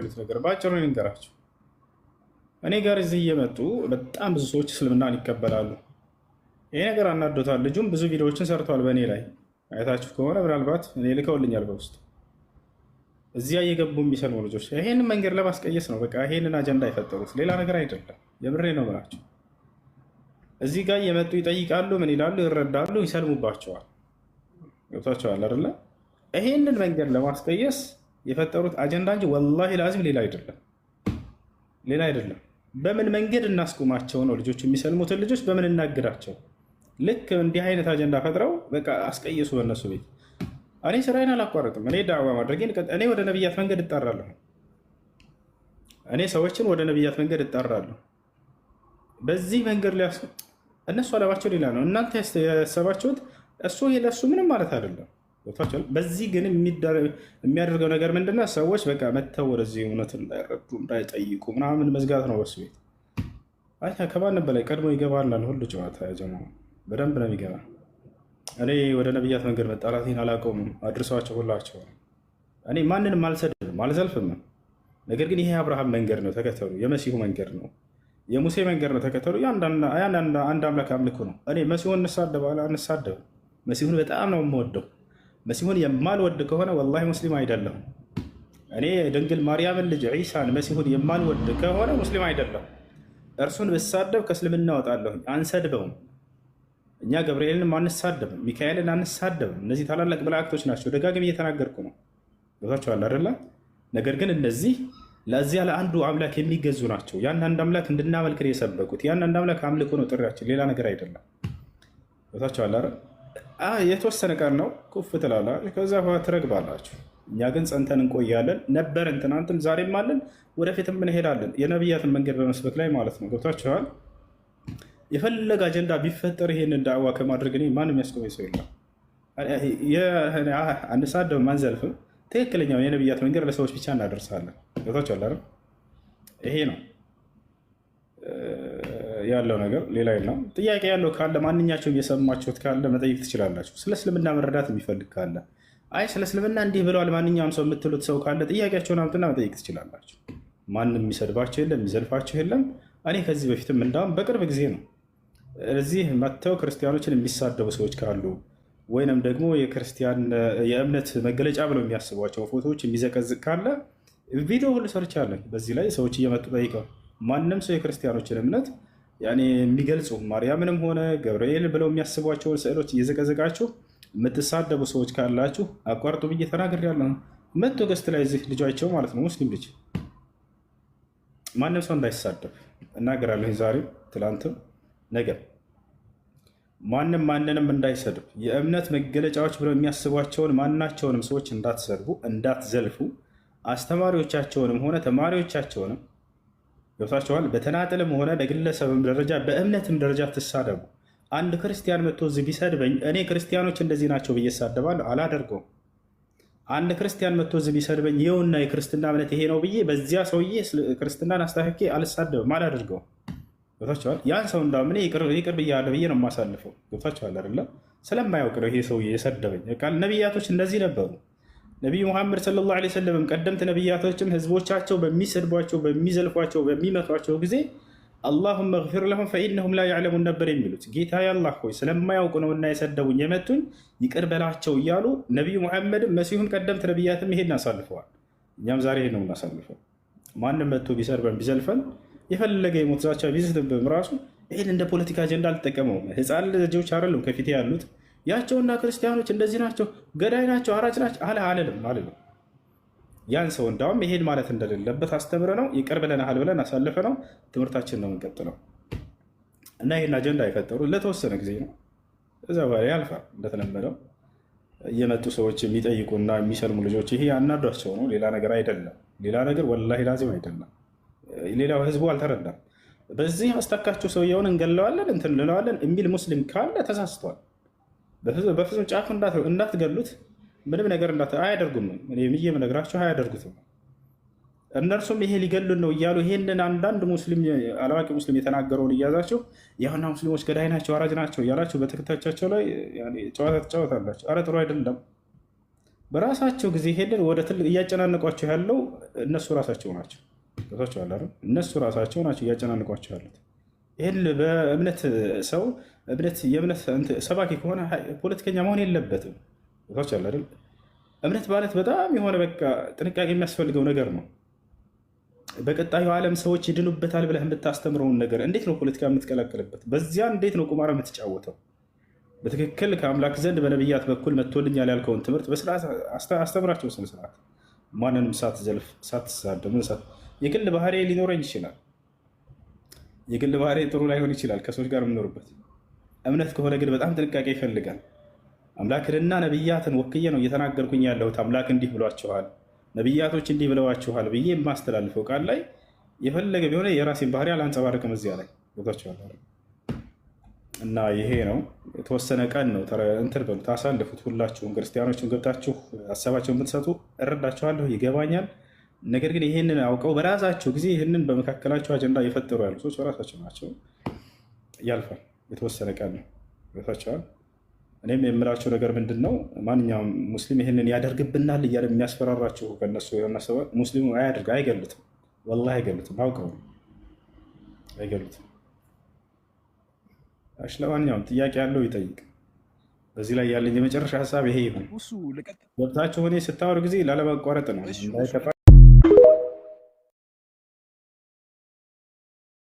የሚሉት ነገር በአጭሩ ልንገራቸው። እኔ ጋር እዚህ እየመጡ በጣም ብዙ ሰዎች እስልምናን ይቀበላሉ። ይሄ ነገር አናዶታል። ልጁም ብዙ ቪዲዮዎችን ሰርተዋል በእኔ ላይ አይታችሁ ከሆነ ምናልባት እኔ ልከውልኛል በውስጥ እዚያ እየገቡ የሚሰልሙ ልጆች ይሄንን መንገድ ለማስቀየስ ነው። በቃ ይሄንን አጀንዳ የፈጠሩት ሌላ ነገር አይደለም። የምሬ ነው ምላቸው። እዚህ ጋር እየመጡ ይጠይቃሉ፣ ምን ይላሉ፣ ይረዳሉ፣ ይሰልሙባቸዋል። ገብቷቸዋል አይደለ? ይሄንን መንገድ ለማስቀየስ የፈጠሩት አጀንዳ እንጂ ወላሂ ላዚም ሌላ አይደለም፣ ሌላ አይደለም። በምን መንገድ እናስቆማቸው ነው? ልጆች የሚሰልሙትን ልጆች በምን እናግዳቸው? ልክ እንዲህ አይነት አጀንዳ ፈጥረው በቃ አስቀየሱ በእነሱ ቤት። እኔ ስራዬን አላቋረጥም። እኔ ዳዕዋ ማድረግ እኔ ወደ ነቢያት መንገድ እጠራለሁ። እኔ ሰዎችን ወደ ነቢያት መንገድ እጠራለሁ። በዚህ መንገድ ላይ እነሱ አለባቸው ሌላ ነው። እናንተ ያሰባችሁት እሱ ለእሱ ምንም ማለት አይደለም። ቦታቸውን በዚህ ግን የሚያደርገው ነገር ምንድነው? ሰዎች በቃ መተው ወደዚህ እውነት እንዳይረዱ እንዳይጠይቁ ምናምን መዝጋት ነው። በሱ ቤት ከማንም በላይ ቀድሞ ይገባላል ሁሉ ጨዋታ ያጀመ በደንብ ነው የሚገባ። እኔ ወደ ነብያት መንገድ መጣላትን አላቀውም አድርሰዋቸው ሁላቸው እኔ ማንንም አልሰድብም አልዘልፍም። ነገር ግን ይሄ አብርሃም መንገድ ነው ተከተሉ፣ የመሲሁ መንገድ ነው የሙሴ መንገድ ነው ተከተሉ። አንድ አምላክ አምልኩ ነው። እኔ መሲሁን እንሳደብ አላ መሲሁን በጣም ነው የምወደው መሲሁን የማልወድ ከሆነ ወላሂ ሙስሊም አይደለሁም። እኔ ድንግል ማርያምን ልጅ ዒሳን መሲሁን የማልወድ ከሆነ ሙስሊም አይደለሁም። እርሱን ብሳደብ ከእስልምና እወጣለሁ። አንሰድበውም። እኛ ገብርኤልንም አንሳደብም፣ ሚካኤልን አንሳደብም። እነዚህ ታላላቅ መላእክቶች ናቸው። ደጋግሜ እየተናገርኩ ነው። ገብታችኋል አይደለ? ነገር ግን እነዚህ ለዚያ ለአንዱ አምላክ የሚገዙ ናቸው። ያን አንድ አምላክ እንድናመልክ ነው የሰበኩት። ያን አንድ አምላክ አምልኮ ነው ጥሪያችን፣ ሌላ ነገር አይደለም። ገብታችኋል አይደል? የተወሰነ ቀን ነው ኩፍ ትላላ፣ ከዛ ትረግባላችሁ። እኛ ግን ጸንተን እንቆያለን። ነበርን፣ ትናንትም ዛሬም አለን፣ ወደፊትም እንሄዳለን። የነቢያትን መንገድ በመስበክ ላይ ማለት ነው። ገብታችኋል? የፈለገ አጀንዳ ቢፈጠር ይሄንን ዳዕዋ ከማድረግ እኔ ማንም ያስቆመኝ ሰው የለም። አንሳደብም፣ አንዘልፍም። ትክክለኛውን የነቢያት መንገድ ለሰዎች ብቻ እናደርሳለን። ገብታችኋል? ይሄ ነው ያለው ነገር ሌላ የለም። ጥያቄ ያለው ካለ ማንኛቸውም የሰማችሁት ካለ መጠየቅ ትችላላችሁ። ስለ እስልምና መረዳት የሚፈልግ ካለ አይ ስለ እስልምና እንዲህ ብለዋል ማንኛውም ሰው የምትሉት ሰው ካለ ጥያቄያቸውን አምጥና መጠየቅ ትችላላችሁ። ማንም የሚሰድባቸው የለም፣ የሚዘልፋቸው የለም። እኔ ከዚህ በፊትም እንዳውም በቅርብ ጊዜ ነው እዚህ መጥተው ክርስቲያኖችን የሚሳደቡ ሰዎች ካሉ ወይንም ደግሞ የክርስቲያን የእምነት መገለጫ ብለው የሚያስቧቸው ፎቶዎች የሚዘቀዝቅ ካለ ቪዲዮ ሁሉ ሰርቻለሁ። በዚህ ላይ ሰዎች እየመጡ ጠይቀው ማንም ሰው የክርስቲያኖችን እምነት የሚገልጹ ማርያምንም ሆነ ገብርኤል ብለው የሚያስቧቸውን ስዕሎች እየዘቀዘቃችሁ የምትሳደቡ ሰዎች ካላችሁ አቋርጡ ብዬ ተናገር ያለ ነው። መቶ ገስት ላይ እዚህ ልጃቸው ማለት ነው ሙስሊም ልጅ ማንም ሰው እንዳይሳደብ እናገራለሁ። ዛሬ ትላንትም ነገር ማንም ማንንም እንዳይሰድብ የእምነት መገለጫዎች ብለው የሚያስቧቸውን ማናቸውንም ሰዎች እንዳትሰድቡ፣ እንዳትዘልፉ አስተማሪዎቻቸውንም ሆነ ተማሪዎቻቸውንም ገብታችኋል። በተናጠልም ሆነ በግለሰብም ደረጃ በእምነትም ደረጃ ትሳደቡ። አንድ ክርስቲያን መጥቶ እዚህ ቢሰድበኝ እኔ ክርስቲያኖች እንደዚህ ናቸው ብዬ እሳደባለሁ? አላደርገውም። አንድ ክርስቲያን መጥቶ እዚህ ቢሰድበኝ ይኸውና የክርስትና እምነት ይሄ ነው ብዬ በዚያ ሰውዬ ክርስትናን አስታክኬ አልሳደብም፣ አላደርገውም። ገብታችኋል። ያን ሰው እንዳውም እኔ ይቅር ብያለሁ ብዬ ነው የማሳልፈው። ገብታችኋል አይደለም? ስለማያውቅ ነው ይሄ ሰውዬ የሰደበኝ። ነቢያቶች እንደዚህ ነበሩ። ነቢይ ሙሐመድ ሰለላሁ ዓለይሂ ወሰለም ቀደምት ነቢያቶችም ህዝቦቻቸው በሚሰድቧቸው፣ በሚዘልፏቸው፣ በሚመቷቸው ጊዜ አላሁመ ግፊር ለሁም ፈኢነሁም ላ ያዕለሙን ነበር የሚሉት። ጌታ ያላህ ሆይ ስለማያውቁ ነውና የሰደቡኝ የመቱኝ ይቅር በላቸው እያሉ ነቢዩ ሙሐመድም መሲሁን ቀደምት ነቢያትም ይሄን አሳልፈዋል። እኛም ዛሬ ይሄን ነው እናሳልፈው። ማንም መቶ ቢሰርበን ቢዘልፈን የፈለገ የሞት ዛቻ ቢዝትብም ራሱ ይህን እንደ ፖለቲካ አጀንዳ አልጠቀመውም። ህፃን ልጆች አይደሉም ከፊት ያሉት ያቸውና ክርስቲያኖች እንደዚህ ናቸው፣ ገዳይ ናቸው፣ አራጭ ናቸው አለ አለልም ማለት ነው። ያን ሰው እንዳውም ይሄን ማለት እንደሌለበት አስተምረ ነው ይቅር ብለናል ብለን አሳልፈ ነው ትምህርታችን ነው የምንቀጥለው። እና ይህን አጀንዳ የፈጠሩ ለተወሰነ ጊዜ ነው፣ እዛ በኋላ ያልፋል። እንደተለመደው የመጡ ሰዎች የሚጠይቁና የሚሰልሙ ልጆች ይሄ ያናዷቸው ነው፣ ሌላ ነገር አይደለም። ሌላ ነገር ወላሂ ላዚም አይደለም። ሌላው ህዝቡ አልተረዳም። በዚህ አስታካቸው ሰውየውን እንገለዋለን እንትን እንለዋለን የሚል ሙስሊም ካለ ተሳስቷል። በፍጹም ጫፍ እንዳትገሉት ምንም ነገር አያደርጉም። ብዬ የምነግራቸው አያደርጉትም። እነርሱም ይሄ ሊገሉን ነው እያሉ ይሄንን አንዳንድ ሙስሊም አላዋቂ ሙስሊም የተናገረውን እያዛቸው ያሁና ሙስሊሞች ገዳይ ናቸው፣ አራጅ ናቸው እያላቸው በተከታዮቻቸው ላይ ጨዋታ ትጫወታላቸው። አረ ጥሩ አይደለም። በራሳቸው ጊዜ ይሄንን ወደ ትልቅ እያጨናንቋቸው ያለው እነሱ ራሳቸው ናቸው። እነሱ ራሳቸው ናቸው እያጨናንቋቸው ያሉት። ይህን በእምነት ሰው እምነት የእምነት ሰባኪ ከሆነ ፖለቲከኛ መሆን የለበትም። ቦታዎች አለ አይደል? እምነት ማለት በጣም የሆነ በቃ ጥንቃቄ የሚያስፈልገው ነገር ነው። በቀጣዩ ዓለም ሰዎች ይድኑበታል ብለህ የምታስተምረውን ነገር እንዴት ነው ፖለቲካ የምትቀላቀልበት? በዚያ እንዴት ነው ቁማር የምትጫወተው? በትክክል ከአምላክ ዘንድ በነብያት በኩል መጥቶልኛል ያልከውን ትምህርት በስርዓት አስተምራቸው። ስነ ስርዓት ማንንም ሳትዘልፍ ሳትሳደብ የግል ባህሪ ሊኖረኝ ይችላል። የግል ባህሪ ጥሩ ላይሆን ይችላል ከሰዎች ጋር የምኖርበት እምነት ከሆነ ግን በጣም ጥንቃቄ ይፈልጋል። አምላክንና ነቢያትን ወክዬ ነው እየተናገርኩኝ ያለሁት። አምላክ እንዲህ ብሏችኋል፣ ነቢያቶች እንዲህ ብለዋችኋል ብዬ የማስተላልፈው ቃል ላይ የፈለገ ቢሆነ የራሴን ባህሪ አላንጸባርቅም እዚያ ላይ እና ይሄ ነው የተወሰነ ቀን ነው እንትን በሉ ታሳልፉት ሁላችሁም ክርስቲያኖችን ገብታችሁ ሀሳባቸውን ብትሰጡ እረዳችኋለሁ፣ ይገባኛል። ነገር ግን ይህንን አውቀው በራሳቸው ጊዜ ይህንን በመካከላቸው አጀንዳ የፈጠሩ ያሉ ሰዎች በራሳቸው ናቸው። ያልፋል። የተወሰነ ቀን ነው። ገብቷቸዋል። እኔም የምላቸው ነገር ምንድን ነው፣ ማንኛውም ሙስሊም ይህንን ያደርግብናል እያለ የሚያስፈራራቸው ከነሱ የሆነሰበ ሙስሊሙ አያደርግ አይገሉትም፣ ወላሂ አይገሉትም፣ አውቀው አይገሉትም። እሺ፣ ለማንኛውም ጥያቄ ያለው ይጠይቅ። በዚህ ላይ ያለኝ የመጨረሻ ሀሳብ ይሄ ይሁን። ገብታችሁ እኔ ስታወር ጊዜ ላለማቋረጥ ነው።